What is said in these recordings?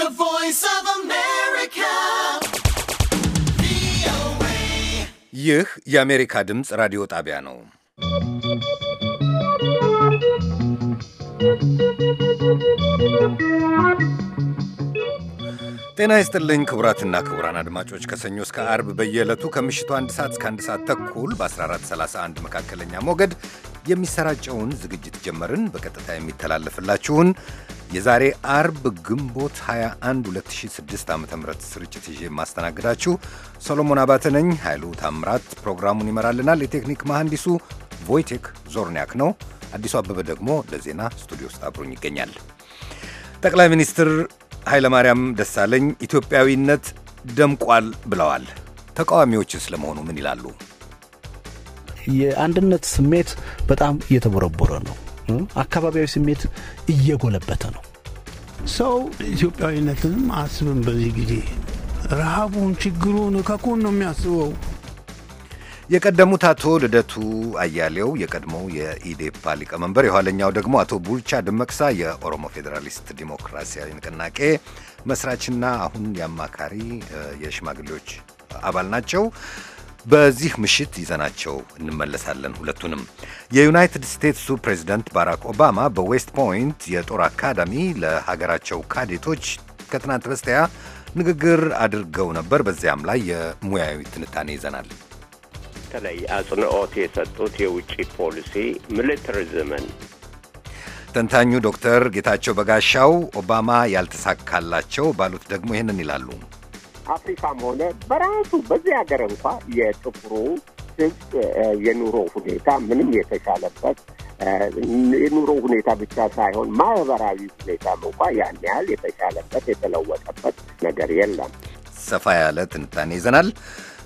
The Voice of America. ይህ የአሜሪካ ድምፅ ራዲዮ ጣቢያ ነው። ጤና ይስጥልኝ ክቡራትና ክቡራን አድማጮች ከሰኞ እስከ አርብ በየዕለቱ ከምሽቱ አንድ ሰዓት እስከ አንድ ሰዓት ተኩል በ1431 መካከለኛ ሞገድ የሚሰራጨውን ዝግጅት ጀመርን። በቀጥታ የሚተላለፍላችሁን የዛሬ አርብ ግንቦት 21 2006 ዓ ም ስርጭት ይዤ የማስተናግዳችሁ ሰሎሞን አባተ ነኝ። ኃይሉ ታምራት ፕሮግራሙን ይመራልናል። የቴክኒክ መሐንዲሱ ቮይቴክ ዞርኒያክ ነው። አዲሱ አበበ ደግሞ ለዜና ስቱዲዮ ውስጥ አብሮኝ ይገኛል። ጠቅላይ ሚኒስትር ኃይለማርያም ደሳለኝ ኢትዮጵያዊነት ደምቋል ብለዋል። ተቃዋሚዎችስ ለመሆኑ ምን ይላሉ? የአንድነት ስሜት በጣም እየተቦረቦረ ነው። አካባቢያዊ ስሜት እየጎለበተ ነው። ሰው ኢትዮጵያዊነትንም አስብም። በዚህ ጊዜ ረሃቡን፣ ችግሩን ከኩን ነው የሚያስበው። የቀደሙት አቶ ልደቱ አያሌው የቀድሞው የኢዴፓ ሊቀመንበር፣ የኋለኛው ደግሞ አቶ ቡልቻ ደመቅሳ የኦሮሞ ፌዴራሊስት ዲሞክራሲያዊ ንቅናቄ መስራችና አሁን የአማካሪ የሽማግሌዎች አባል ናቸው። በዚህ ምሽት ይዘናቸው እንመለሳለን። ሁለቱንም የዩናይትድ ስቴትሱ ፕሬዚደንት ባራክ ኦባማ በዌስት ፖይንት የጦር አካዳሚ ለሀገራቸው ካዴቶች ከትናንት በስቲያ ንግግር አድርገው ነበር። በዚያም ላይ የሙያዊ ትንታኔ ይዘናል። በተለይ አጽንኦት የሰጡት የውጭ ፖሊሲ ሚሊትሪዝምን ተንታኙ ዶክተር ጌታቸው በጋሻው ኦባማ ያልተሳካላቸው ባሉት ደግሞ ይህንን ይላሉ። አፍሪካም ሆነ በራሱ በዚህ ሀገር እንኳ የጥቁሩ ህዝብ የኑሮ ሁኔታ ምንም የተሻለበት የኑሮ ሁኔታ ብቻ ሳይሆን ማህበራዊ ሁኔታም እንኳ ያን ያህል የተሻለበት የተለወጠበት ነገር የለም። ሰፋ ያለ ትንታኔ ይዘናል።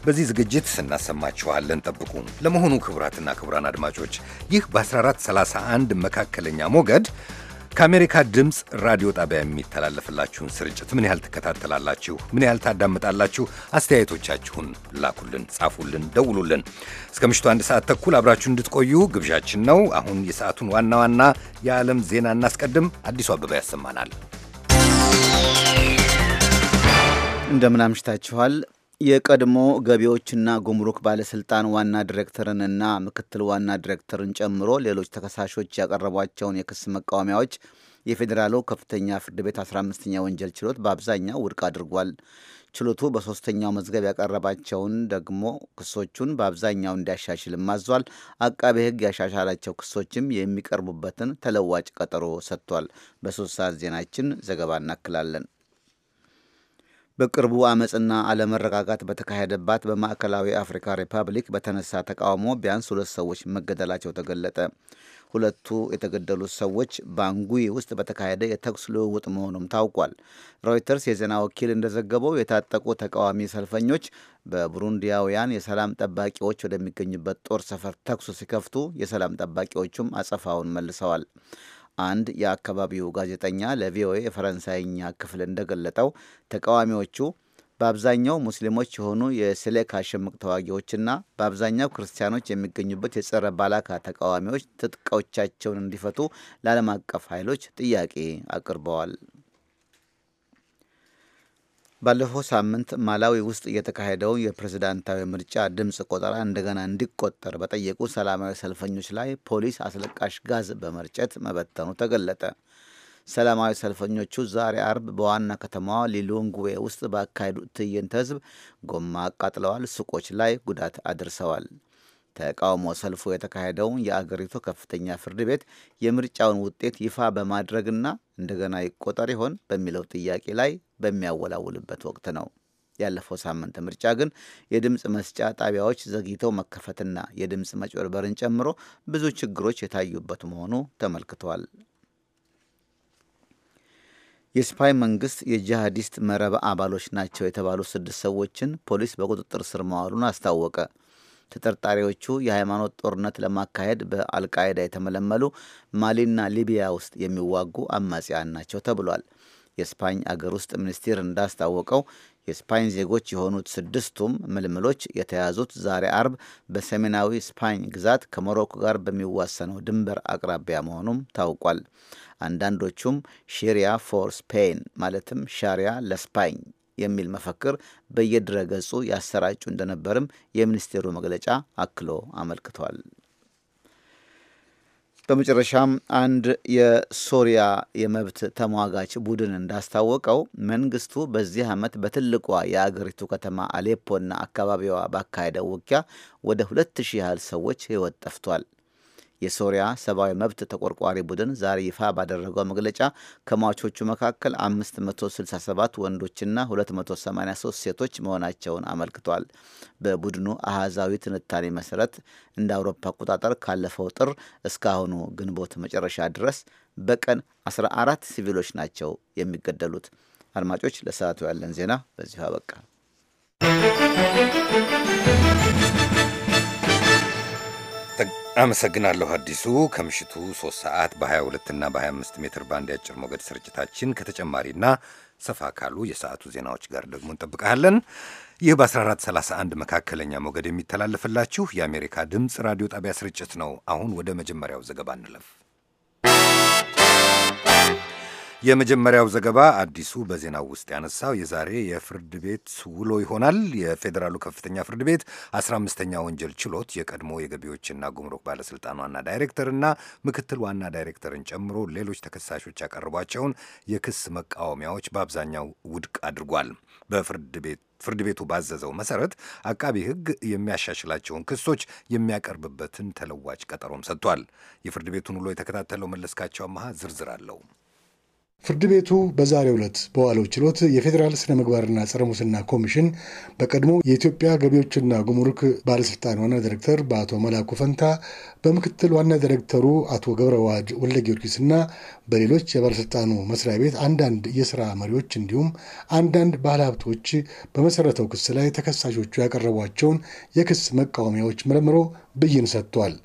በዚህ ዝግጅት እናሰማችኋለን። ጠብቁ። ለመሆኑ ክቡራትና ክቡራን አድማጮች ይህ በ1431 መካከለኛ ሞገድ ከአሜሪካ ድምፅ ራዲዮ ጣቢያ የሚተላለፍላችሁን ስርጭት ምን ያህል ትከታተላላችሁ? ምን ያህል ታዳምጣላችሁ? አስተያየቶቻችሁን ላኩልን፣ ጻፉልን፣ ደውሉልን። እስከ ምሽቱ አንድ ሰዓት ተኩል አብራችሁ እንድትቆዩ ግብዣችን ነው። አሁን የሰዓቱን ዋና ዋና የዓለም ዜና እናስቀድም። አዲሱ አበባ ያሰማናል። እንደምን አምሽታችኋል። የቀድሞ ገቢዎችና ጉምሩክ ባለስልጣን ዋና ዲሬክተርንና ምክትል ዋና ዲሬክተርን ጨምሮ ሌሎች ተከሳሾች ያቀረቧቸውን የክስ መቃወሚያዎች የፌዴራሉ ከፍተኛ ፍርድ ቤት 15ኛ ወንጀል ችሎት በአብዛኛው ውድቅ አድርጓል። ችሎቱ በሶስተኛው መዝገብ ያቀረባቸውን ደግሞ ክሶቹን በአብዛኛው እንዲያሻሽልም አዟል። አቃቤ ሕግ ያሻሻላቸው ክሶችም የሚቀርቡበትን ተለዋጭ ቀጠሮ ሰጥቷል። በሶስት ሰዓት ዜናችን ዘገባ እናክላለን። በቅርቡ አመፅና አለመረጋጋት በተካሄደባት በማዕከላዊ አፍሪካ ሪፐብሊክ በተነሳ ተቃውሞ ቢያንስ ሁለት ሰዎች መገደላቸው ተገለጠ። ሁለቱ የተገደሉት ሰዎች ባንጉይ ውስጥ በተካሄደ የተኩስ ልውውጥ መሆኑም ታውቋል። ሮይተርስ የዜና ወኪል እንደዘገበው የታጠቁ ተቃዋሚ ሰልፈኞች በቡሩንዲያውያን የሰላም ጠባቂዎች ወደሚገኙበት ጦር ሰፈር ተኩስ ሲከፍቱ፣ የሰላም ጠባቂዎቹም አጸፋውን መልሰዋል። አንድ የአካባቢው ጋዜጠኛ ለቪኦኤ የፈረንሳይኛ ክፍል እንደገለጠው ተቃዋሚዎቹ በአብዛኛው ሙስሊሞች የሆኑ የስሌካ ሽምቅ ተዋጊዎችና በአብዛኛው ክርስቲያኖች የሚገኙበት የጸረ ባላካ ተቃዋሚዎች ትጥቃዎቻቸውን እንዲፈቱ ለዓለም አቀፍ ኃይሎች ጥያቄ አቅርበዋል። ባለፈው ሳምንት ማላዊ ውስጥ የተካሄደው የፕሬዝዳንታዊ ምርጫ ድምፅ ቆጠራ እንደገና እንዲቆጠር በጠየቁ ሰላማዊ ሰልፈኞች ላይ ፖሊስ አስለቃሽ ጋዝ በመርጨት መበተኑ ተገለጠ። ሰላማዊ ሰልፈኞቹ ዛሬ አርብ በዋና ከተማዋ ሊሎንግዌ ውስጥ ባካሄዱት ትዕይንተ ሕዝብ ጎማ አቃጥለዋል፣ ሱቆች ላይ ጉዳት አድርሰዋል። ተቃውሞ ሰልፉ የተካሄደውን የአገሪቱ ከፍተኛ ፍርድ ቤት የምርጫውን ውጤት ይፋ በማድረግና እንደገና ይቆጠር ይሆን በሚለው ጥያቄ ላይ በሚያወላውልበት ወቅት ነው። ያለፈው ሳምንት ምርጫ ግን የድምፅ መስጫ ጣቢያዎች ዘግይተው መከፈትና የድምፅ መጭበርበርን ጨምሮ ብዙ ችግሮች የታዩበት መሆኑ ተመልክቷል። የስፓይ መንግስት የጂሃዲስት መረብ አባሎች ናቸው የተባሉ ስድስት ሰዎችን ፖሊስ በቁጥጥር ስር መዋሉን አስታወቀ። ተጠርጣሪዎቹ የሃይማኖት ጦርነት ለማካሄድ በአልቃይዳ የተመለመሉ ማሊና ሊቢያ ውስጥ የሚዋጉ አማጽያን ናቸው ተብሏል። የስፓኝ አገር ውስጥ ሚኒስቴር እንዳስታወቀው የስፓኝ ዜጎች የሆኑት ስድስቱም ምልምሎች የተያዙት ዛሬ አርብ በሰሜናዊ ስፓኝ ግዛት ከሞሮኮ ጋር በሚዋሰነው ድንበር አቅራቢያ መሆኑም ታውቋል። አንዳንዶቹም ሺሪያ ፎር ስፔን ማለትም ሻሪያ ለስፓኝ የሚል መፈክር በየድረገጹ ያሰራጩ እንደነበርም የሚኒስቴሩ መግለጫ አክሎ አመልክቷል። በመጨረሻም አንድ የሶሪያ የመብት ተሟጋች ቡድን እንዳስታወቀው መንግስቱ በዚህ ዓመት በትልቋ የአገሪቱ ከተማ አሌፖና አካባቢዋ ባካሄደው ውጊያ ወደ ሁለት ሺህ ያህል ሰዎች ሕይወት ጠፍቷል። የሶሪያ ሰብአዊ መብት ተቆርቋሪ ቡድን ዛሬ ይፋ ባደረገው መግለጫ ከሟቾቹ መካከል 567 ወንዶችና 283 ሴቶች መሆናቸውን አመልክቷል። በቡድኑ አሃዛዊ ትንታኔ መሰረት እንደ አውሮፓ አቆጣጠር ካለፈው ጥር እስካሁኑ ግንቦት መጨረሻ ድረስ በቀን 14 ሲቪሎች ናቸው የሚገደሉት። አድማጮች፣ ለሰዓቱ ያለን ዜና በዚሁ አበቃ። አመሰግናለሁ አዲሱ። ከምሽቱ 3 ሰዓት በ22 እና በ25 ሜትር ባንድ የአጭር ሞገድ ስርጭታችን ከተጨማሪና ሰፋ ካሉ የሰዓቱ ዜናዎች ጋር ደግሞ እንጠብቃለን። ይህ በ1431 መካከለኛ ሞገድ የሚተላለፍላችሁ የአሜሪካ ድምፅ ራዲዮ ጣቢያ ስርጭት ነው። አሁን ወደ መጀመሪያው ዘገባ እንለፍ። የመጀመሪያው ዘገባ አዲሱ በዜናው ውስጥ ያነሳው የዛሬ የፍርድ ቤት ውሎ ይሆናል። የፌዴራሉ ከፍተኛ ፍርድ ቤት 15ኛ ወንጀል ችሎት የቀድሞ የገቢዎችና ጉምሩክ ባለስልጣን ዋና ዳይሬክተርና ምክትል ዋና ዳይሬክተርን ጨምሮ ሌሎች ተከሳሾች ያቀረቧቸውን የክስ መቃወሚያዎች በአብዛኛው ውድቅ አድርጓል። በፍርድ ቤት ፍርድ ቤቱ ባዘዘው መሰረት አቃቢ ሕግ የሚያሻሽላቸውን ክሶች የሚያቀርብበትን ተለዋጭ ቀጠሮም ሰጥቷል። የፍርድ ቤቱን ውሎ የተከታተለው መለስካቸው አመሃ ዝርዝር አለው። ፍርድ ቤቱ በዛሬው ዕለት በዋለው ችሎት የፌዴራል ስነ ምግባርና ጸረ ሙስና ኮሚሽን በቀድሞ የኢትዮጵያ ገቢዎችና ጉምሩክ ባለስልጣን ዋና ዳይሬክተር በአቶ መላኩ ፈንታ በምክትል ዋና ዲሬክተሩ አቶ ገብረ ዋህድ ወልደ ጊዮርጊስና በሌሎች የባለስልጣኑ መስሪያ ቤት አንዳንድ የስራ መሪዎች እንዲሁም አንዳንድ ባለሀብቶች በመሰረተው ክስ ላይ ተከሳሾቹ ያቀረቧቸውን የክስ መቃወሚያዎች መርምሮ ብይን ሰጥቷል።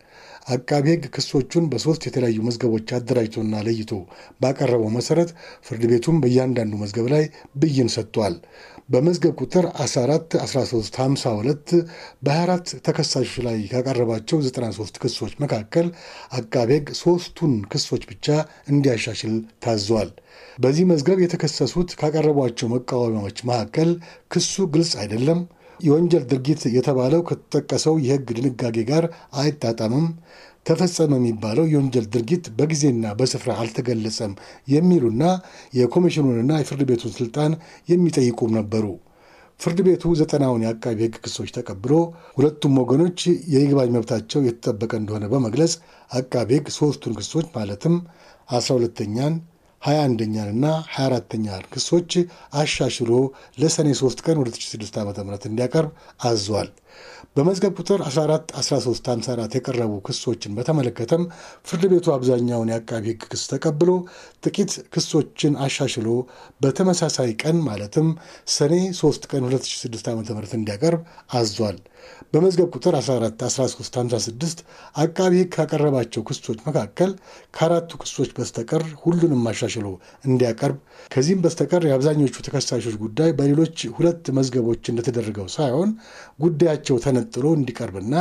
አቃቢ ሕግ ክሶቹን በሶስት የተለያዩ መዝገቦች አደራጅቶና ለይቶ ባቀረበው መሰረት ፍርድ ቤቱም በእያንዳንዱ መዝገብ ላይ ብይን ሰጥቷል። በመዝገብ ቁጥር 14 በ24 ተከሳሾች ላይ ካቀረባቸው 93 ክሶች መካከል አቃቢ ሕግ ሶስቱን ክሶች ብቻ እንዲያሻሽል ታዟል። በዚህ መዝገብ የተከሰሱት ካቀረቧቸው መቃወሚያዎች መካከል ክሱ ግልጽ አይደለም የወንጀል ድርጊት የተባለው ከተጠቀሰው የህግ ድንጋጌ ጋር አይጣጣምም፣ ተፈጸመ የሚባለው የወንጀል ድርጊት በጊዜና በስፍራ አልተገለጸም የሚሉና የኮሚሽኑንና የፍርድ ቤቱን ስልጣን የሚጠይቁም ነበሩ። ፍርድ ቤቱ ዘጠናውን የአቃቢ ህግ ክሶች ተቀብሎ ሁለቱም ወገኖች የይግባኝ መብታቸው የተጠበቀ እንደሆነ በመግለጽ አቃቢ ሕግ ሶስቱን ክሶች ማለትም አስራ ሁለተኛን 21ኛንና 24ተኛን ክሶች አሻሽሎ ለሰኔ 3 ቀን 2006 ዓ ም እንዲያቀርብ አዟል። በመዝገብ ቁጥር 14 1354 የቀረቡ ክሶችን በተመለከተም ፍርድ ቤቱ አብዛኛውን የአቃቢ ሕግ ክስ ተቀብሎ ጥቂት ክሶችን አሻሽሎ በተመሳሳይ ቀን ማለትም ሰኔ 3 ቀን 2006 ዓ ም እንዲያቀርብ አዟል። በመዝገብ ቁጥር 141356 አቃቢ ህግ ካቀረባቸው ክሶች መካከል ከአራቱ ክሶች በስተቀር ሁሉንም አሻሽሎ እንዲያቀርብ ከዚህም በስተቀር የአብዛኞቹ ተከሳሾች ጉዳይ በሌሎች ሁለት መዝገቦች እንደተደረገው ሳይሆን ጉዳያቸው ተነጥሎ እንዲቀርብና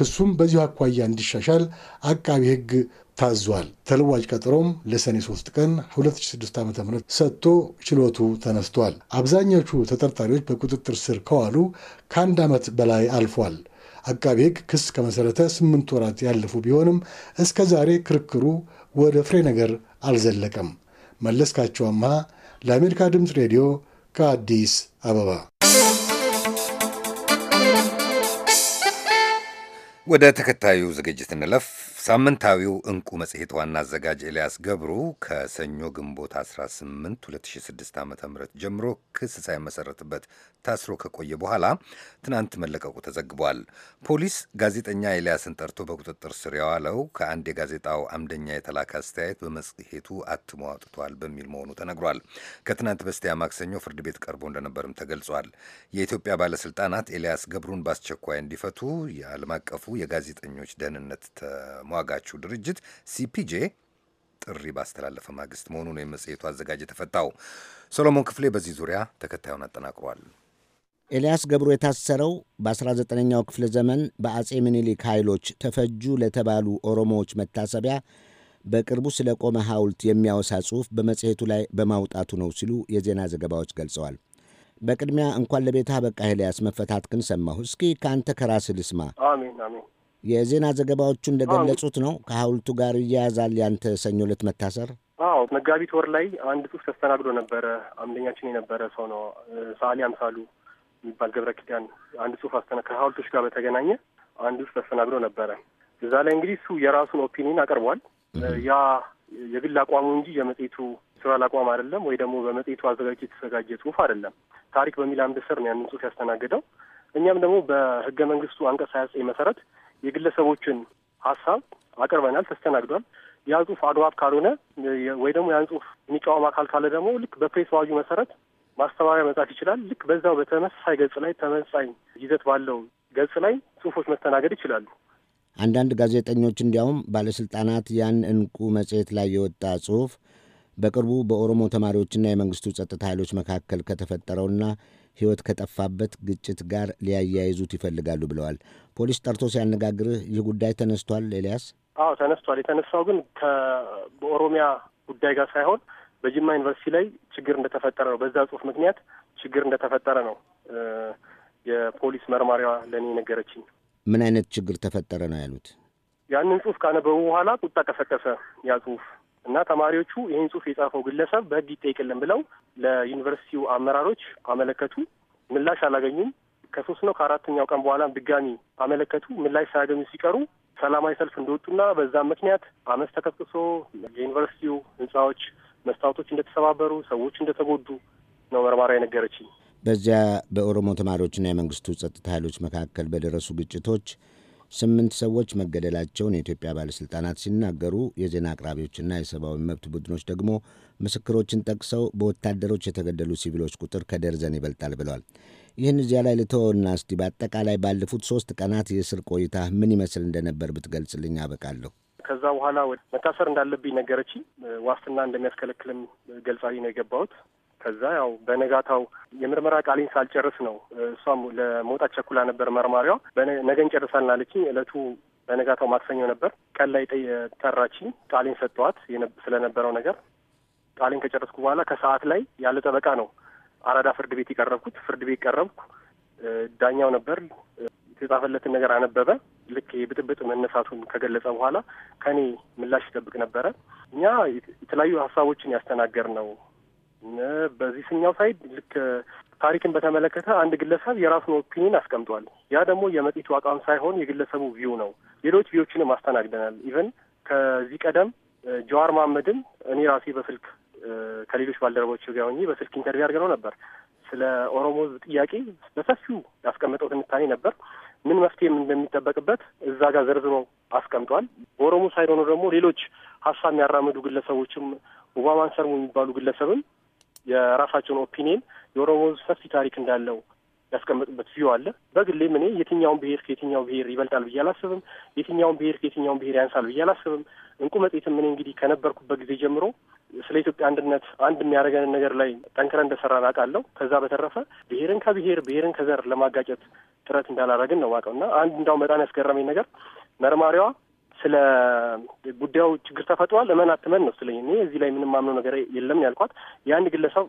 ክሱም በዚሁ አኳያ እንዲሻሻል አቃቢ ህግ። ታዟል። ተለዋጭ ቀጠሮም ለሰኔ 3 ቀን 2006 ዓ ም ሰጥቶ ችሎቱ ተነስቷል። አብዛኞቹ ተጠርጣሪዎች በቁጥጥር ስር ከዋሉ ከአንድ ዓመት በላይ አልፏል። አቃቢ ሕግ ክስ ከመሠረተ ስምንት ወራት ያለፉ ቢሆንም እስከ ዛሬ ክርክሩ ወደ ፍሬ ነገር አልዘለቀም። መለስካቸው አምሃ ለአሜሪካ ድምፅ ሬዲዮ ከአዲስ አበባ። ወደ ተከታዩ ዝግጅት እንለፍ። ሳምንታዊው እንቁ መጽሔት ዋና አዘጋጅ ኤልያስ ገብሩ ከሰኞ ግንቦት 18 2006 ዓ ም ጀምሮ ክስ ሳይመሰረትበት ታስሮ ከቆየ በኋላ ትናንት መለቀቁ ተዘግቧል። ፖሊስ ጋዜጠኛ ኤልያስን ጠርቶ በቁጥጥር ስር ያዋለው ከአንድ የጋዜጣው አምደኛ የተላከ አስተያየት በመጽሔቱ አትሞ አውጥቷል በሚል መሆኑ ተነግሯል። ከትናንት በስቲያ ማክሰኞ ፍርድ ቤት ቀርቦ እንደነበርም ተገልጿል። የኢትዮጵያ ባለስልጣናት ኤልያስ ገብሩን በአስቸኳይ እንዲፈቱ የዓለም አቀፉ የጋዜጠኞች ደህንነት ተሟ ተሟጋቹ ድርጅት ሲፒጄ ጥሪ ባስተላለፈ ማግስት መሆኑን የመጽሔቱ አዘጋጅ የተፈታው። ሰሎሞን ክፍሌ በዚህ ዙሪያ ተከታዩን አጠናቅሯል። ኤልያስ ገብሩ የታሰረው በ19ኛው ክፍለ ዘመን በአጼ ምኒልክ ኃይሎች ተፈጁ ለተባሉ ኦሮሞዎች መታሰቢያ በቅርቡ ስለ ቆመ ሐውልት የሚያወሳ ጽሑፍ በመጽሔቱ ላይ በማውጣቱ ነው ሲሉ የዜና ዘገባዎች ገልጸዋል። በቅድሚያ እንኳን ለቤታ በቃ ኤልያስ ግን ሰማሁ። እስኪ ከአንተ ከራስህ ልስማ። አሜን አሜን። የዜና ዘገባዎቹ እንደገለጹት ነው። ከሀውልቱ ጋር እያያዛል ያንተ ሰኞ ዕለት መታሰር። አዎ መጋቢት ወር ላይ አንድ ጽሁፍ ተስተናግዶ ነበረ። አምደኛችን የነበረ ሰው ነው ሰዓሊ አምሳሉ የሚባል ገብረ ኪዳን አንድ ጽሁፍ አስተ ከሀውልቶች ጋር በተገናኘ አንድ ጽሁፍ ተስተናግዶ ነበረ። እዛ ላይ እንግዲህ እሱ የራሱን ኦፒኒን አቅርቧል። ያ የግል አቋሙ እንጂ የመጽሄቱ ስራል አቋም አይደለም፣ ወይ ደግሞ በመጽሄቱ አዘጋጅ የተዘጋጀ ጽሁፍ አይደለም። ታሪክ በሚል አንድ ስር ነው ያንን ጽሁፍ ያስተናገደው። እኛም ደግሞ በህገ መንግስቱ አንቀጽ ሀያ ዘጠኝ መሰረት የግለሰቦችን ሀሳብ አቅርበናል፣ ተስተናግዷል። ያ ጽሁፍ አግባብ ካልሆነ ወይ ደግሞ ያን ጽሁፍ የሚቃወም አካል ካለ ደግሞ ልክ በፕሬስ አዋጁ መሰረት ማስተባበያ መጻፍ ይችላል። ልክ በዛው በተመሳሳይ ገጽ ላይ ተመሳሳይ ይዘት ባለው ገጽ ላይ ጽሁፎች መስተናገድ ይችላሉ። አንዳንድ ጋዜጠኞች እንዲያውም ባለስልጣናት ያን እንቁ መጽሔት ላይ የወጣ ጽሁፍ በቅርቡ በኦሮሞ ተማሪዎችና የመንግስቱ ጸጥታ ኃይሎች መካከል ከተፈጠረውና ሕይወት ከጠፋበት ግጭት ጋር ሊያያይዙት ይፈልጋሉ ብለዋል። ፖሊስ ጠርቶ ሲያነጋግርህ ይህ ጉዳይ ተነስቷል ኤልያስ? አዎ ተነስቷል። የተነሳው ግን በኦሮሚያ ጉዳይ ጋር ሳይሆን በጅማ ዩኒቨርሲቲ ላይ ችግር እንደተፈጠረ ነው። በዛ ጽሁፍ ምክንያት ችግር እንደተፈጠረ ነው የፖሊስ መርማሪዋ ለእኔ ነገረችኝ። ምን አይነት ችግር ተፈጠረ ነው ያሉት? ያንን ጽሁፍ ካነበቡ በኋላ ቁጣ ቀሰቀሰ ያ ጽሁፍ እና ተማሪዎቹ ይህን ጽሁፍ የጻፈው ግለሰብ በህግ ይጠይቅልን ብለው ለዩኒቨርሲቲው አመራሮች አመለከቱ። ምላሽ አላገኙም። ከሶስት ነው ከአራተኛው ቀን በኋላ ድጋሚ አመለከቱ። ምላሽ ሳያገኙ ሲቀሩ ሰላማዊ ሰልፍ እንደወጡና በዛም ምክንያት አመፅ ተቀስቅሶ የዩኒቨርሲቲው ህንፃዎች መስታወቶች እንደተሰባበሩ፣ ሰዎች እንደተጎዱ ነው መርማሪ የነገረችኝ። በዚያ በኦሮሞ ተማሪዎችና የመንግስቱ ጸጥታ ኃይሎች መካከል በደረሱ ግጭቶች ስምንት ሰዎች መገደላቸውን የኢትዮጵያ ባለሥልጣናት ሲናገሩ የዜና አቅራቢዎችና የሰብአዊ መብት ቡድኖች ደግሞ ምስክሮችን ጠቅሰው በወታደሮች የተገደሉ ሲቪሎች ቁጥር ከደርዘን ይበልጣል ብለዋል። ይህን እዚያ ላይ ልተወና እስቲ በአጠቃላይ ባለፉት ሶስት ቀናት የእስር ቆይታ ምን ይመስል እንደነበር ብትገልጽልኝ አበቃለሁ። ከዛ በኋላ መታሰር እንዳለብኝ ነገረች። ዋስትና እንደሚያስከለክልም ገልጻዊ ነው የገባሁት። ከዛ ያው በነጋታው የምርመራ ቃሌን ሳልጨርስ ነው እሷም ለመውጣት ቸኩላ ነበር መርማሪዋ። ነገ እንጨርሳለን አለችኝ። እለቱ በነጋታው ማክሰኞ ነበር። ቀን ላይ ጠራችኝ። ቃሌን ሰጠኋት ስለነበረው ነገር። ቃሌን ከጨረስኩ በኋላ ከሰዓት ላይ ያለ ጠበቃ ነው አራዳ ፍርድ ቤት የቀረብኩት። ፍርድ ቤት ቀረብኩ። ዳኛው ነበር የተጻፈለትን ነገር አነበበ። ልክ የብጥብጥ መነሳቱን ከገለጸ በኋላ ከኔ ምላሽ ይጠብቅ ነበረ። እኛ የተለያዩ ሀሳቦችን ያስተናገር ነው በዚህ ስኛው ሳይድ ልክ ታሪክን በተመለከተ አንድ ግለሰብ የራሱን ኦፒኒን አስቀምጧል። ያ ደግሞ የመጽሔቱ አቋም ሳይሆን የግለሰቡ ቪው ነው። ሌሎች ቪዎችንም አስተናግደናል። ኢቨን ከዚህ ቀደም ጀዋር መሐመድን እኔ ራሴ በስልክ ከሌሎች ባልደረቦች ጋር ሆኜ በስልክ ኢንተርቪው አድርገነው ነበር። ስለ ኦሮሞ ሕዝብ ጥያቄ በሰፊው ያስቀመጠው ትንታኔ ነበር። ምን መፍትሄ እንደሚጠበቅበት እዛ ጋር ዘርዝሮ አስቀምጧል። በኦሮሞ ሳይድ ሆኖ ደግሞ ሌሎች ሀሳብ የሚያራምዱ ግለሰቦችም ኦባማን ሰርሙ የሚባሉ ግለሰብም የራሳቸውን ኦፒኒየን የኦሮሞ ሰፊ ታሪክ እንዳለው ያስቀምጡበት ቪው አለ። በግሌም እኔ የትኛውን ብሄር ከየትኛው ብሄር ይበልጣል ብዬ አላስብም። የትኛውን ብሄር ከየትኛውን ብሄር ያንሳል ብዬ አላስብም። እንቁ መጤትም እኔ እንግዲህ ከነበርኩበት ጊዜ ጀምሮ ስለ ኢትዮጵያ አንድነት አንድ የሚያደርገንን ነገር ላይ ጠንክረ እንደሰራን አውቃለሁ። ከዛ በተረፈ ብሄርን ከብሄር ብሄርን ከዘር ለማጋጨት ጥረት እንዳላረግን ነው ማውቀው እና አንድ እንዳው በጣም ያስገረመኝ ነገር መርማሪዋ ስለ ጉዳዩ ችግር ተፈጥሯል እመን አትመን ነው ስለኝ እኔ እዚህ ላይ ምንም ማምነው ነገር የለም ያልኳት የአንድ ግለሰብ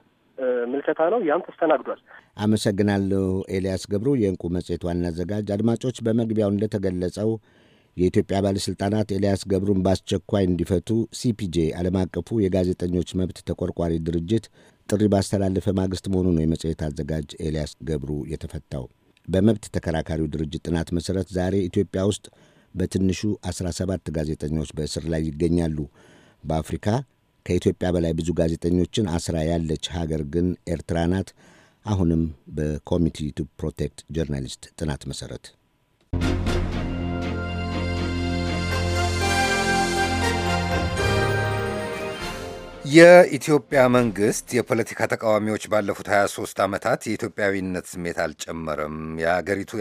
ምልከታ ነው። ያም ተስተናግዷል። አመሰግናለሁ። ኤልያስ ገብሩ የእንቁ መጽሔት ዋና አዘጋጅ። አድማጮች፣ በመግቢያው እንደተገለጸው የኢትዮጵያ ባለሥልጣናት ኤልያስ ገብሩን በአስቸኳይ እንዲፈቱ ሲፒጄ ዓለም አቀፉ የጋዜጠኞች መብት ተቆርቋሪ ድርጅት ጥሪ ባስተላለፈ ማግስት መሆኑ ነው የመጽሔት አዘጋጅ ኤልያስ ገብሩ የተፈታው። በመብት ተከራካሪው ድርጅት ጥናት መሠረት ዛሬ ኢትዮጵያ ውስጥ በትንሹ 17 ጋዜጠኞች በእስር ላይ ይገኛሉ። በአፍሪካ ከኢትዮጵያ በላይ ብዙ ጋዜጠኞችን አስራ ያለች ሀገር ግን ኤርትራ ናት። አሁንም በኮሚቲ ቱ ፕሮቴክት ጆርናሊስት ጥናት መሠረት የኢትዮጵያ መንግስት የፖለቲካ ተቃዋሚዎች ባለፉት 23 ዓመታት የኢትዮጵያዊነት ስሜት አልጨመረም፣ የአገሪቱ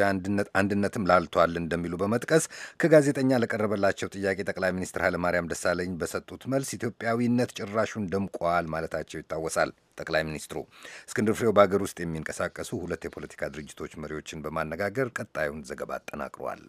አንድነትም ላልቷል እንደሚሉ በመጥቀስ ከጋዜጠኛ ለቀረበላቸው ጥያቄ ጠቅላይ ሚኒስትር ኃይለማርያም ደሳለኝ በሰጡት መልስ ኢትዮጵያዊነት ጭራሹን ደምቋል ማለታቸው ይታወሳል። ጠቅላይ ሚኒስትሩ እስክንድር ፍሬው በአገር ውስጥ የሚንቀሳቀሱ ሁለት የፖለቲካ ድርጅቶች መሪዎችን በማነጋገር ቀጣዩን ዘገባ አጠናቅሯል።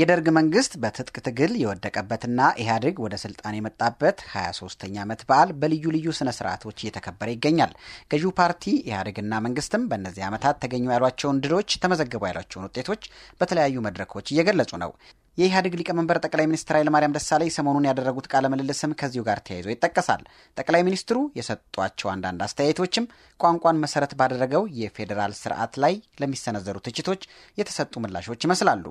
የደርግ መንግስት በትጥቅ ትግል የወደቀበትና ኢህአዴግ ወደ ስልጣን የመጣበት 23ኛ ዓመት በዓል በልዩ ልዩ ስነ ስርዓቶች እየተከበረ ይገኛል። ገዢው ፓርቲ ኢህአዴግና መንግስትም በእነዚህ ዓመታት ተገኙ ያሏቸውን ድሎች፣ ተመዘገቡ ያሏቸውን ውጤቶች በተለያዩ መድረኮች እየገለጹ ነው። የኢህአዴግ ሊቀመንበር ጠቅላይ ሚኒስትር ኃይለማርያም ደሳለኝ ሰሞኑን ያደረጉት ቃለ ምልልስም ከዚሁ ጋር ተያይዞ ይጠቀሳል። ጠቅላይ ሚኒስትሩ የሰጧቸው አንዳንድ አስተያየቶችም ቋንቋን መሰረት ባደረገው የፌዴራል ስርዓት ላይ ለሚሰነዘሩ ትችቶች የተሰጡ ምላሾች ይመስላሉ።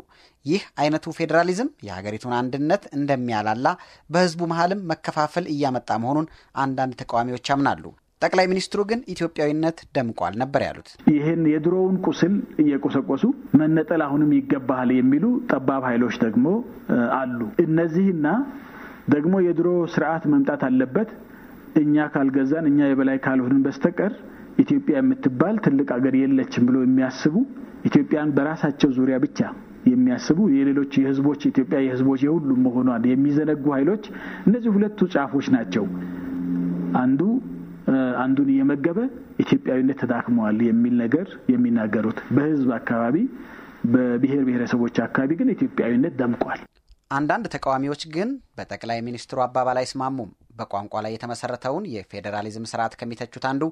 ይህ አይነቱ ፌዴራሊዝም የሀገሪቱን አንድነት እንደሚያላላ፣ በህዝቡ መሀልም መከፋፈል እያመጣ መሆኑን አንዳንድ ተቃዋሚዎች ያምናሉ። ጠቅላይ ሚኒስትሩ ግን ኢትዮጵያዊነት ደምቋል ነበር ያሉት። ይህን የድሮውን ቁስል እየቆሰቆሱ መነጠል አሁንም ይገባሃል የሚሉ ጠባብ ኃይሎች ደግሞ አሉ። እነዚህና ደግሞ የድሮ ስርዓት መምጣት አለበት እኛ ካልገዛን እኛ የበላይ ካልሆንን በስተቀር ኢትዮጵያ የምትባል ትልቅ ሀገር የለችም ብሎ የሚያስቡ ኢትዮጵያን በራሳቸው ዙሪያ ብቻ የሚያስቡ የሌሎች የህዝቦች ኢትዮጵያ የህዝቦች የሁሉም መሆኗን የሚዘነጉ ኃይሎች እነዚህ ሁለቱ ጫፎች ናቸው። አንዱ አንዱን እየመገበ ኢትዮጵያዊነት ተዳክመዋል የሚል ነገር የሚናገሩት በህዝብ አካባቢ፣ በብሔር ብሔረሰቦች አካባቢ ግን ኢትዮጵያዊነት ደምቋል። አንዳንድ ተቃዋሚዎች ግን በጠቅላይ ሚኒስትሩ አባባል አይስማሙም። በቋንቋ ላይ የተመሰረተውን የፌዴራሊዝም ስርዓት ከሚተቹት አንዱ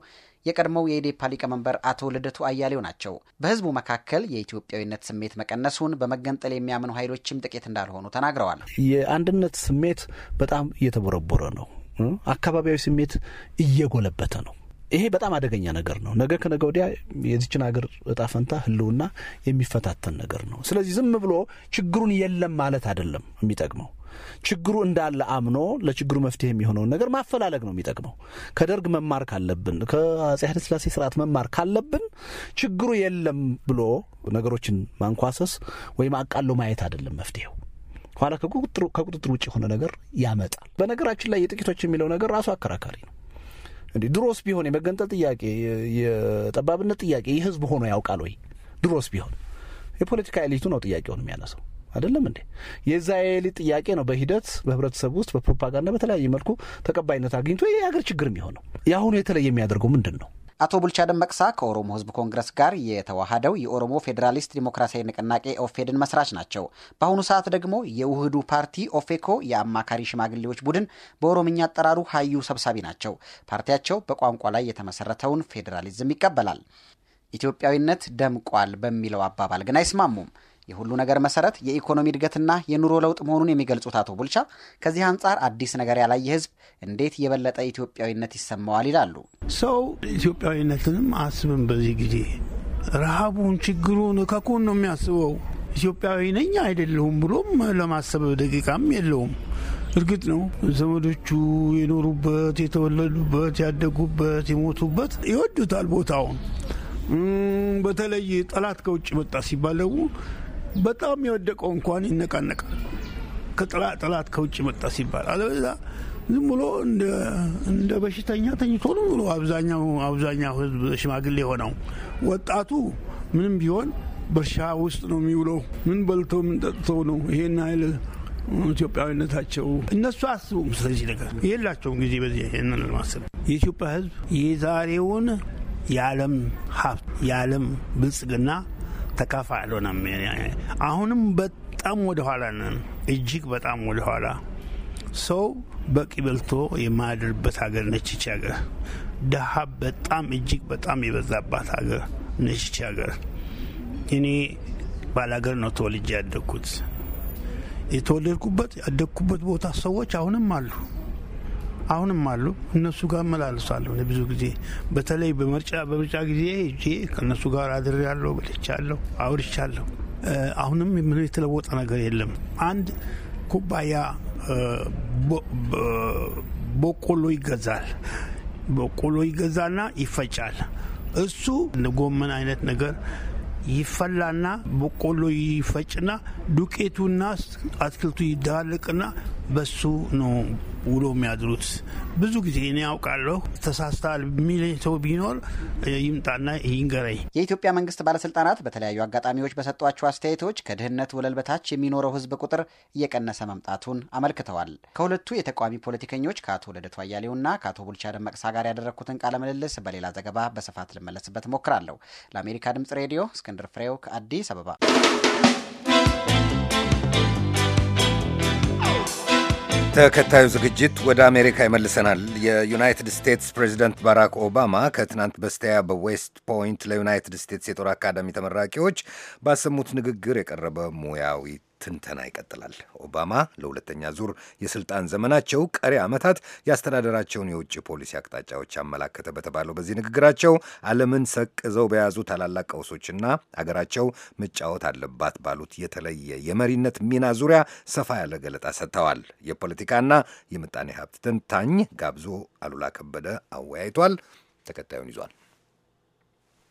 የቀድሞው የኢዴፓ ሊቀመንበር አቶ ልደቱ አያሌው ናቸው። በህዝቡ መካከል የኢትዮጵያዊነት ስሜት መቀነሱን በመገንጠል የሚያምኑ ኃይሎችም ጥቂት እንዳልሆኑ ተናግረዋል። የአንድነት ስሜት በጣም እየተቦረቦረ ነው። አካባቢያዊ ስሜት እየጎለበተ ነው። ይሄ በጣም አደገኛ ነገር ነው። ነገ ከነገ ወዲያ የዚችን ሀገር እጣ ፈንታ ህልውና የሚፈታተን ነገር ነው። ስለዚህ ዝም ብሎ ችግሩን የለም ማለት አይደለም የሚጠቅመው ችግሩ እንዳለ አምኖ ለችግሩ መፍትሄ የሚሆነውን ነገር ማፈላለግ ነው የሚጠቅመው። ከደርግ መማር ካለብን፣ ከአፄ ኃይለ ሥላሴ ስርዓት መማር ካለብን ችግሩ የለም ብሎ ነገሮችን ማንኳሰስ ወይም አቃሎ ማየት አይደለም መፍትሄው። ኋላ ከቁጥጥር ውጭ የሆነ ነገር ያመጣል። በነገራችን ላይ የጥቂቶች የሚለው ነገር ራሱ አከራካሪ ነው። እንዲህ ድሮስ ቢሆን የመገንጠል ጥያቄ የጠባብነት ጥያቄ የህዝብ ሆኖ ያውቃል ወይ? ድሮስ ቢሆን የፖለቲካ ኤሊቱ ነው ጥያቄውን የሚያነሳው አይደለም እንዴ? የዛ ጥያቄ ነው በሂደት በህብረተሰብ ውስጥ በፕሮፓጋንዳ በተለያየ መልኩ ተቀባይነት አግኝቶ የሀገር ችግር የሚሆነው። የአሁኑ የተለየ የሚያደርገው ምንድን ነው? አቶ ቡልቻ ደመቅሳ ከኦሮሞ ህዝብ ኮንግረስ ጋር የተዋሃደው የኦሮሞ ፌዴራሊስት ዲሞክራሲያዊ ንቅናቄ ኦፌድን መስራች ናቸው። በአሁኑ ሰዓት ደግሞ የውህዱ ፓርቲ ኦፌኮ የአማካሪ ሽማግሌዎች ቡድን በኦሮምኛ አጠራሩ ሀዩ ሰብሳቢ ናቸው። ፓርቲያቸው በቋንቋ ላይ የተመሰረተውን ፌዴራሊዝም ይቀበላል። ኢትዮጵያዊነት ደምቋል በሚለው አባባል ግን አይስማሙም። የሁሉ ነገር መሰረት የኢኮኖሚ እድገትና የኑሮ ለውጥ መሆኑን የሚገልጹት አቶ ቡልቻ ከዚህ አንጻር አዲስ ነገር ያላየ ህዝብ እንዴት የበለጠ ኢትዮጵያዊነት ይሰማዋል ይላሉ። ሰው ኢትዮጵያዊነትንም አስብም በዚህ ጊዜ ረሃቡን፣ ችግሩን ከኩን ነው የሚያስበው። ኢትዮጵያዊ ነኝ አይደለሁም ብሎም ለማሰብ ደቂቃም የለውም። እርግጥ ነው ዘመዶቹ የኖሩበት የተወለዱበት፣ ያደጉበት፣ የሞቱበት ይወዱታል ቦታውን። በተለይ ጠላት ከውጭ መጣ ሲባል ደግሞ በጣም የወደቀው እንኳን ይነቃነቃል። ከጥላ ጥላት ከውጭ መጣ ሲባል አለበዛ ዝም ብሎ እንደ በሽተኛ ተኝቶ ነው ብሎ አብዛኛው አብዛኛው ህዝብ ሽማግሌ የሆነው ወጣቱ ምንም ቢሆን በእርሻ ውስጥ ነው የሚውለው። ምን በልቶ ምን ጠጥቶ ነው ይሄን ኃይል ኢትዮጵያዊነታቸው እነሱ አስቡም። ስለዚህ ነገር የላቸውም ጊዜ በዚህ ይህንን ለማሰብ የኢትዮጵያ ህዝብ የዛሬውን የዓለም ሀብት የዓለም ብልጽግና ተካፋይ አልሆነም። አሁንም በጣም ወደ ኋላ ነን፣ እጅግ በጣም ወደ ኋላ። ሰው በቂ በልቶ የማያድርበት ሀገር ነች ይቺ ሀገር። ድሀ በጣም እጅግ በጣም የበዛባት ሀገር ነች ይቺ ሀገር። እኔ ባላገር ነው ተወልጄ ያደግኩት። የተወለድኩበት ያደግኩበት ቦታ ሰዎች አሁንም አሉ አሁንም አሉ። እነሱ ጋር እመላለሳለሁ ብዙ ጊዜ በተለይ በምርጫ በምርጫ ጊዜ ሄጄ ከእነሱ ጋር አድሬያለሁ፣ በልቻለሁ፣ አውርቻለሁ። አሁንም ምን የተለወጠ ነገር የለም። አንድ ኩባያ በቆሎ ይገዛል። በቆሎ ይገዛና ይፈጫል። እሱ ጎመን አይነት ነገር ይፈላና በቆሎ ይፈጭና ዱቄቱና አትክልቱ ይደባለቅና በሱ ነው ውሎ የሚያድሩት። ብዙ ጊዜ እኔ ያውቃለሁ ተሳስተሃል የሚለኝ ሰው ቢኖር ይምጣና ይንገረኝ። የኢትዮጵያ መንግስት ባለስልጣናት በተለያዩ አጋጣሚዎች በሰጧቸው አስተያየቶች ከድህነት ወለል በታች የሚኖረው ህዝብ ቁጥር እየቀነሰ መምጣቱን አመልክተዋል። ከሁለቱ የተቃዋሚ ፖለቲከኞች ከአቶ ልደቱ አያሌውና ከአቶ ቡልቻ ደመቅሳ ጋር ያደረግኩትን ቃለ ምልልስ በሌላ ዘገባ በስፋት ልመለስበት ሞክራለሁ። ለአሜሪካ ድምጽ ሬዲዮ እስክንድር ፍሬው ከአዲስ አበባ ተከታዩ ዝግጅት ወደ አሜሪካ ይመልሰናል። የዩናይትድ ስቴትስ ፕሬዚደንት ባራክ ኦባማ ከትናንት በስቲያ በዌስት ፖይንት ለዩናይትድ ስቴትስ የጦር አካዳሚ ተመራቂዎች ባሰሙት ንግግር የቀረበ ሙያዊ ትንተና ይቀጥላል። ኦባማ ለሁለተኛ ዙር የስልጣን ዘመናቸው ቀሪ ዓመታት የአስተዳደራቸውን የውጭ ፖሊሲ አቅጣጫዎች አመላከተ በተባለው በዚህ ንግግራቸው ዓለምን ሰቅዘው በያዙ ታላላቅ ቀውሶችና አገራቸው መጫወት አለባት ባሉት የተለየ የመሪነት ሚና ዙሪያ ሰፋ ያለ ገለጣ ሰጥተዋል። የፖለቲካና የምጣኔ ሀብት ተንታኝ ጋብዞ አሉላ ከበደ አወያይቷል። ተከታዩን ይዟል።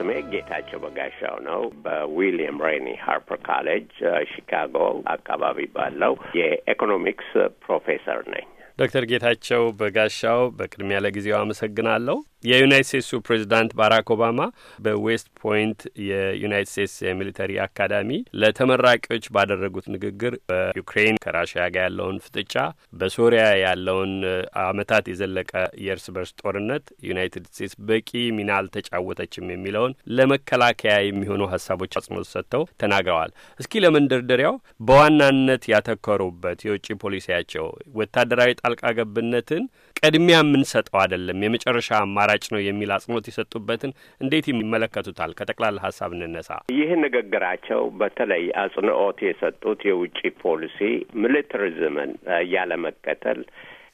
ስሜ ጌታቸው በጋሻው ነው። በዊሊያም ሬኒ ሃርፐር ካሌጅ uh, ሺካጎ አካባቢ ባለው የኢኮኖሚክስ ፕሮፌሰር ነኝ። ዶክተር ጌታቸው በጋሻው በቅድሚያ ለጊዜው አመሰግናለሁ። የዩናይት ስቴትሱ ፕሬዚዳንት ባራክ ኦባማ በዌስት ፖይንት የዩናይት ስቴትስ የሚሊተሪ አካዳሚ ለተመራቂዎች ባደረጉት ንግግር በዩክሬን ከራሽያ ጋር ያለውን ፍጥጫ፣ በሶሪያ ያለውን ዓመታት የዘለቀ የእርስ በርስ ጦርነት ዩናይትድ ስቴትስ በቂ ሚና አልተጫወተችም የሚለውን ለመከላከያ የሚሆኑ ሀሳቦች አጽንኦት ሰጥተው ተናግረዋል። እስኪ ለመንደርደሪያው በዋናነት ያተኮሩበት የውጭ ፖሊሲያቸው ወታደራዊ ጣልቃ ገብነትን ቅድሚያ የምንሰጠው አይደለም፣ የመጨረሻ አማራጭ ነው የሚል አጽንኦት የሰጡበትን እንዴት ይመለከቱታል? ከጠቅላላ ሀሳብ እንነሳ። ይህ ንግግራቸው በተለይ አጽንኦት የሰጡት የውጭ ፖሊሲ ሚሊትሪዝምን ያለመከተል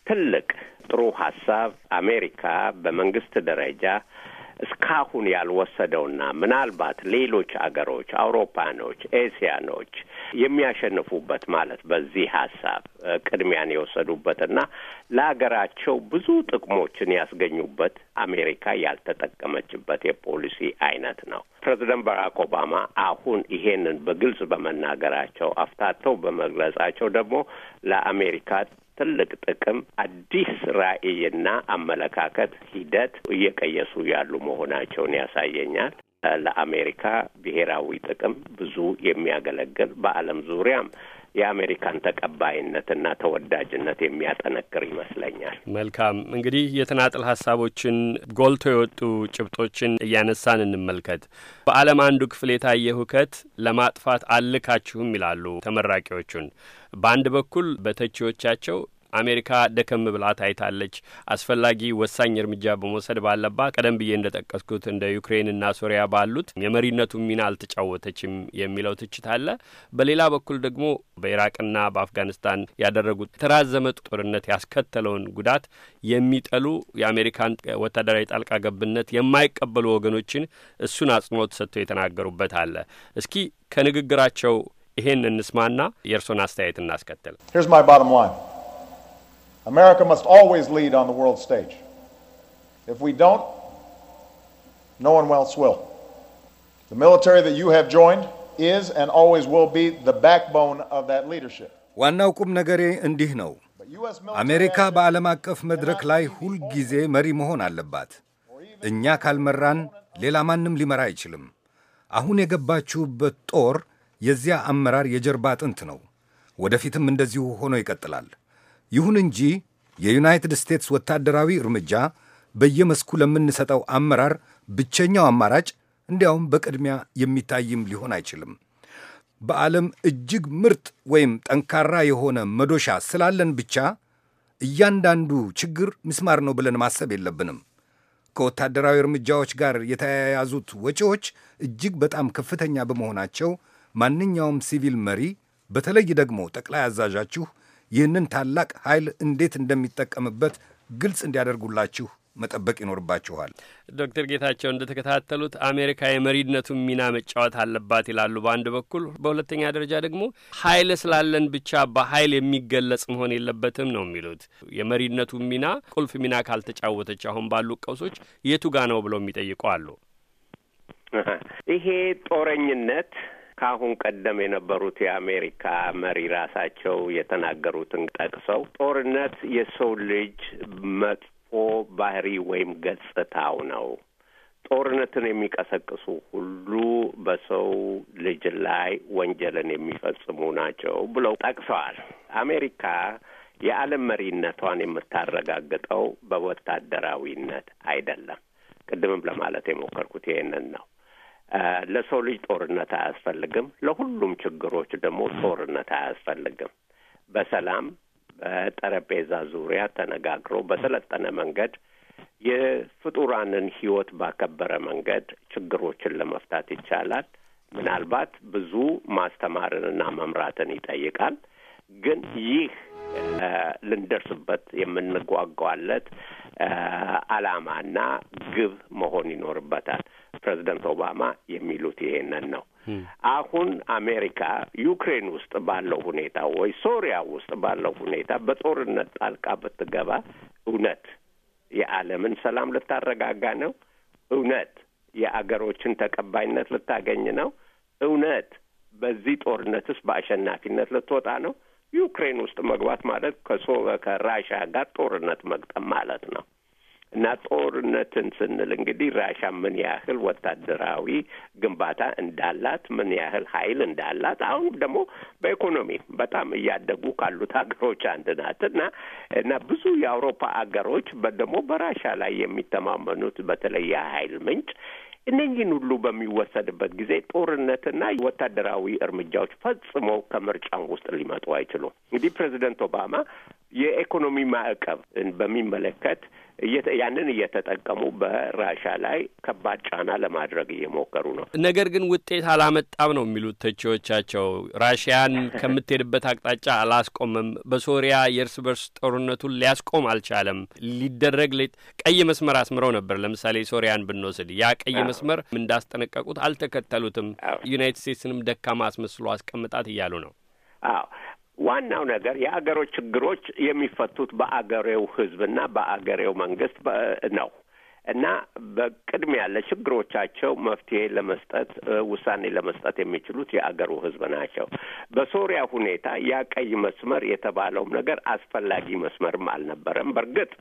ትልቅ ጥሩ ሀሳብ አሜሪካ በመንግስት ደረጃ እስካሁን ያልወሰደውና ምናልባት ሌሎች አገሮች አውሮፓኖች፣ ኤስያኖች የሚያሸንፉበት ማለት በዚህ ሀሳብ ቅድሚያን የወሰዱበትና ለሀገራቸው ብዙ ጥቅሞችን ያስገኙበት አሜሪካ ያልተጠቀመችበት የፖሊሲ አይነት ነው። ፕሬዚደንት ባራክ ኦባማ አሁን ይሄንን በግልጽ በመናገራቸው አፍታተው በመግለጻቸው ደግሞ ለአሜሪካ ትልቅ ጥቅም አዲስ ራዕይና አመለካከት ሂደት እየቀየሱ ያሉ መሆናቸውን ያሳየኛል። ለአሜሪካ ብሔራዊ ጥቅም ብዙ የሚያገለግል በዓለም ዙሪያም የአሜሪካን ተቀባይነትና ተወዳጅነት የሚያጠነክር ይመስለኛል። መልካም እንግዲህ የተናጥል ሀሳቦችን ጎልቶ የወጡ ጭብጦችን እያነሳን እንመልከት። በዓለም አንዱ ክፍል የታየ ሁከት ለማጥፋት አልካችሁም ይላሉ ተመራቂዎቹን። በአንድ በኩል በተቺዎቻቸው አሜሪካ ደከም ብላ ታይታለች። አስፈላጊ ወሳኝ እርምጃ በመውሰድ ባለባት ቀደም ብዬ እንደ ጠቀስኩት እንደ ዩክሬንና ሶሪያ ባሉት የመሪነቱ ሚና አልተጫወተችም የሚለው ትችት አለ። በሌላ በኩል ደግሞ በኢራቅና በአፍጋኒስታን ያደረጉት የተራዘመ ጦርነት ያስከተለውን ጉዳት የሚጠሉ የአሜሪካን ወታደራዊ ጣልቃ ገብነት የማይቀበሉ ወገኖችን እሱን አጽንኦት ሰጥቶ የተናገሩበት አለ። እስኪ ከንግግራቸው ይሄን እንስማና የእርሶን አስተያየት እናስከትል። America must always lead on the world stage. If we don't, no one else will. The military that you have joined is and always will be the backbone of that leadership. አሜሪካ በዓለም አቀፍ መድረክ ላይ ሁል ጊዜ መሪ መሆን አለባት። እኛ ካልመራን ሌላ ማንም ሊመራ አይችልም። አሁን የገባችሁበት ጦር የዚያ አመራር የጀርባ አጥንት ነው። ወደፊትም እንደዚሁ ሆኖ ይቀጥላል። ይሁን እንጂ የዩናይትድ ስቴትስ ወታደራዊ እርምጃ በየመስኩ ለምንሰጠው አመራር ብቸኛው አማራጭ እንዲያውም በቅድሚያ የሚታይም ሊሆን አይችልም። በዓለም እጅግ ምርጥ ወይም ጠንካራ የሆነ መዶሻ ስላለን ብቻ እያንዳንዱ ችግር ምስማር ነው ብለን ማሰብ የለብንም። ከወታደራዊ እርምጃዎች ጋር የተያያዙት ወጪዎች እጅግ በጣም ከፍተኛ በመሆናቸው ማንኛውም ሲቪል መሪ፣ በተለይ ደግሞ ጠቅላይ አዛዣችሁ ይህንን ታላቅ ኃይል እንዴት እንደሚጠቀምበት ግልጽ እንዲያደርጉላችሁ መጠበቅ ይኖርባችኋል። ዶክተር ጌታቸው እንደተከታተሉት አሜሪካ የመሪነቱን ሚና መጫወት አለባት ይላሉ በአንድ በኩል፣ በሁለተኛ ደረጃ ደግሞ ኃይል ስላለን ብቻ በኃይል የሚገለጽ መሆን የለበትም ነው የሚሉት። የመሪነቱ ሚና ቁልፍ ሚና ካልተጫወተች አሁን ባሉ ቀውሶች የቱ ጋ ነው ብለው የሚጠይቁ አሉ። ይሄ ጦረኝነት ከአሁን ቀደም የነበሩት የአሜሪካ መሪ ራሳቸው የተናገሩትን ጠቅሰው ጦርነት የሰው ልጅ መጥፎ ባህሪ ወይም ገጽታው ነው። ጦርነትን የሚቀሰቅሱ ሁሉ በሰው ልጅ ላይ ወንጀልን የሚፈጽሙ ናቸው ብለው ጠቅሰዋል። አሜሪካ የዓለም መሪነቷን የምታረጋግጠው በወታደራዊነት አይደለም። ቅድምም ለማለት የሞከርኩት ይሄንን ነው። ለሰው ልጅ ጦርነት አያስፈልግም። ለሁሉም ችግሮች ደግሞ ጦርነት አያስፈልግም። በሰላም በጠረጴዛ ዙሪያ ተነጋግሮ በሰለጠነ መንገድ የፍጡራንን ሕይወት ባከበረ መንገድ ችግሮችን ለመፍታት ይቻላል። ምናልባት ብዙ ማስተማርንና መምራትን ይጠይቃል። ግን ይህ ልንደርስበት የምንጓጓለት ዓላማና ግብ መሆን ይኖርበታል። ፕሬዚደንት ኦባማ የሚሉት ይሄንን ነው። hmm. አሁን አሜሪካ ዩክሬን ውስጥ ባለው ሁኔታ ወይ ሶሪያ ውስጥ ባለው ሁኔታ በጦርነት ጣልቃ ብትገባ እውነት የዓለምን ሰላም ልታረጋጋ ነው? እውነት የአገሮችን ተቀባይነት ልታገኝ ነው? እውነት በዚህ ጦርነትስ በአሸናፊነት ልትወጣ ነው? ዩክሬን ውስጥ መግባት ማለት ከሶ ከራሽያ ጋር ጦርነት መግጠም ማለት ነው። እና ጦርነትን ስንል እንግዲህ ራሻ ምን ያህል ወታደራዊ ግንባታ እንዳላት፣ ምን ያህል ኃይል እንዳላት አሁን ደግሞ በኢኮኖሚ በጣም እያደጉ ካሉት ሀገሮች አንድ ናት እና እና ብዙ የአውሮፓ ሀገሮች ደግሞ በራሻ ላይ የሚተማመኑት በተለይ የኃይል ምንጭ እነኝን ሁሉ በሚወሰድበት ጊዜ ጦርነትና ወታደራዊ እርምጃዎች ፈጽሞ ከምርጫን ውስጥ ሊመጡ አይችሉም። እንግዲህ ፕሬዚደንት ኦባማ የኢኮኖሚ ማዕቀብ በሚመለከት ያንን እየተጠቀሙ በራሻ ላይ ከባድ ጫና ለማድረግ እየሞከሩ ነው። ነገር ግን ውጤት አላመጣም ነው የሚሉት ተቺዎቻቸው። ራሽያን ከምትሄድበት አቅጣጫ አላስቆምም። በሶሪያ የእርስ በርስ ጦርነቱን ሊያስቆም አልቻለም። ሊደረግ ቀይ መስመር አስምረው ነበር። ለምሳሌ ሶሪያን ብንወስድ ያ ቀይ መስመር እንዳስጠነቀቁት አልተከተሉትም። ዩናይትድ ስቴትስንም ደካማ አስመስሎ አስቀምጣት እያሉ ነው። አዎ ዋናው ነገር የአገሮች ችግሮች የሚፈቱት በአገሬው ህዝብና በአገሬው መንግስት ነው እና በቅድሚያ ለችግሮቻቸው መፍትሄ ለመስጠት ውሳኔ ለመስጠት የሚችሉት የአገሩ ህዝብ ናቸው። በሶሪያ ሁኔታ ያ ቀይ መስመር የተባለውም ነገር አስፈላጊ መስመርም አልነበረም። በእርግጥ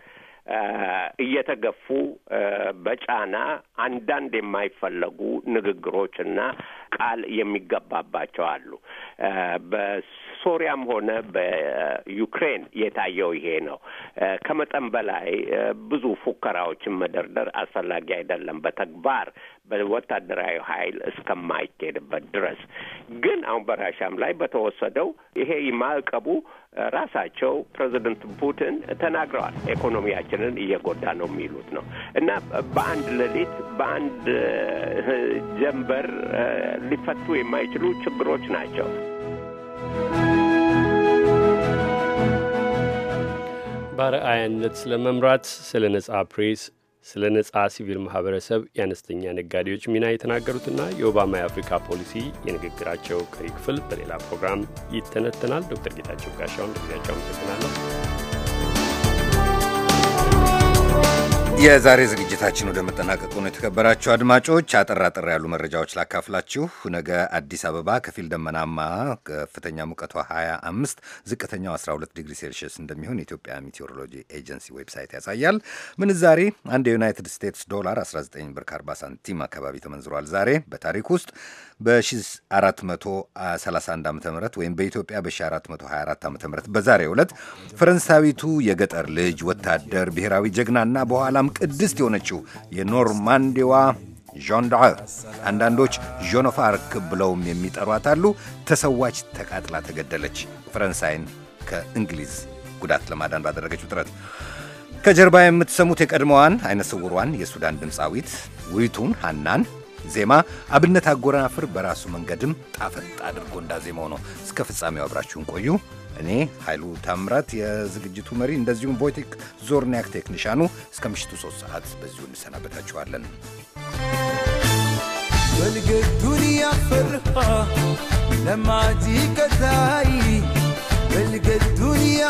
እየተገፉ በጫና አንዳንድ የማይፈለጉ ንግግሮችና ቃል የሚገባባቸው አሉ። በሶሪያም ሆነ በዩክሬን የታየው ይሄ ነው። ከመጠን በላይ ብዙ ፉከራዎችን መደርደር አስፈላጊ አይደለም። በተግባር በወታደራዊ ኃይል እስከማይካሄድበት ድረስ ግን አሁን በራሻም ላይ በተወሰደው ይሄ ማዕቀቡ ራሳቸው ፕሬዚደንት ፑቲን ተናግረዋል። ኢኮኖሚያችንን እየጎዳ ነው የሚሉት ነው እና በአንድ ሌሊት በአንድ ጀንበር ሊፈቱ የማይችሉ ችግሮች ናቸው። በአርአያነት ስለመምራት ስለ ነጻ ፕሬስ ስለ ነጻ ሲቪል ማህበረሰብ የአነስተኛ ነጋዴዎች ሚና የተናገሩትና የኦባማ የአፍሪካ ፖሊሲ የንግግራቸው ቀሪ ክፍል በሌላ ፕሮግራም ይተነተናል። ዶክተር ጌታቸው ጋሻውን ለጊዜያቸው አመሰግናለሁ። የዛሬ ዝግጅታችን ወደ መጠናቀቁ ነው። የተከበራችሁ አድማጮች አጠር አጠር ያሉ መረጃዎች ላካፍላችሁ። ነገ አዲስ አበባ ከፊል ደመናማ፣ ከፍተኛ ሙቀቷ 25፣ ዝቅተኛው 12 ዲግሪ ሴልሺየስ እንደሚሆን የኢትዮጵያ ሜቴዎሮሎጂ ኤጀንሲ ዌብሳይት ያሳያል። ምንዛሬ አንድ የዩናይትድ ስቴትስ ዶላር 19 ብር ከ40 ሳንቲም አካባቢ ተመንዝሯል። ዛሬ በታሪክ ውስጥ በ431 ዓ ም ወይም በኢትዮጵያ በ424 ዓ ም በዛሬ ዕለት ፈረንሳዊቱ የገጠር ልጅ ወታደር ብሔራዊ ጀግናና በኋላ በጣም ቅድስት የሆነችው የኖርማንዲዋ ዣን አንዳንዶች ዦን ኦፍ አርክ ብለውም የሚጠሯት አሉ፣ ተሰዋች ተቃጥላ ተገደለች። ፈረንሳይን ከእንግሊዝ ጉዳት ለማዳን ባደረገችው ጥረት ከጀርባ የምትሰሙት የቀድሞዋን አይነ ስውሯን የሱዳን ድምፃዊት ውይቱን ሃናን ዜማ አብነት አጎናፍር በራሱ መንገድም ጣፈጥ አድርጎ እንዳዜማው ነው። እስከ ፍጻሜው አብራችሁን ቆዩ። እኔ ኃይሉ ታምራት የዝግጅቱ መሪ፣ እንደዚሁም ቮይቴክ ዞርኒያክ ቴክኒሻኑ፣ እስከ ምሽቱ ሶስት ሰዓት በዚሁ እንሰናበታችኋለን። بالقدنيا فرحة لما أجيك داعي بالقدنيا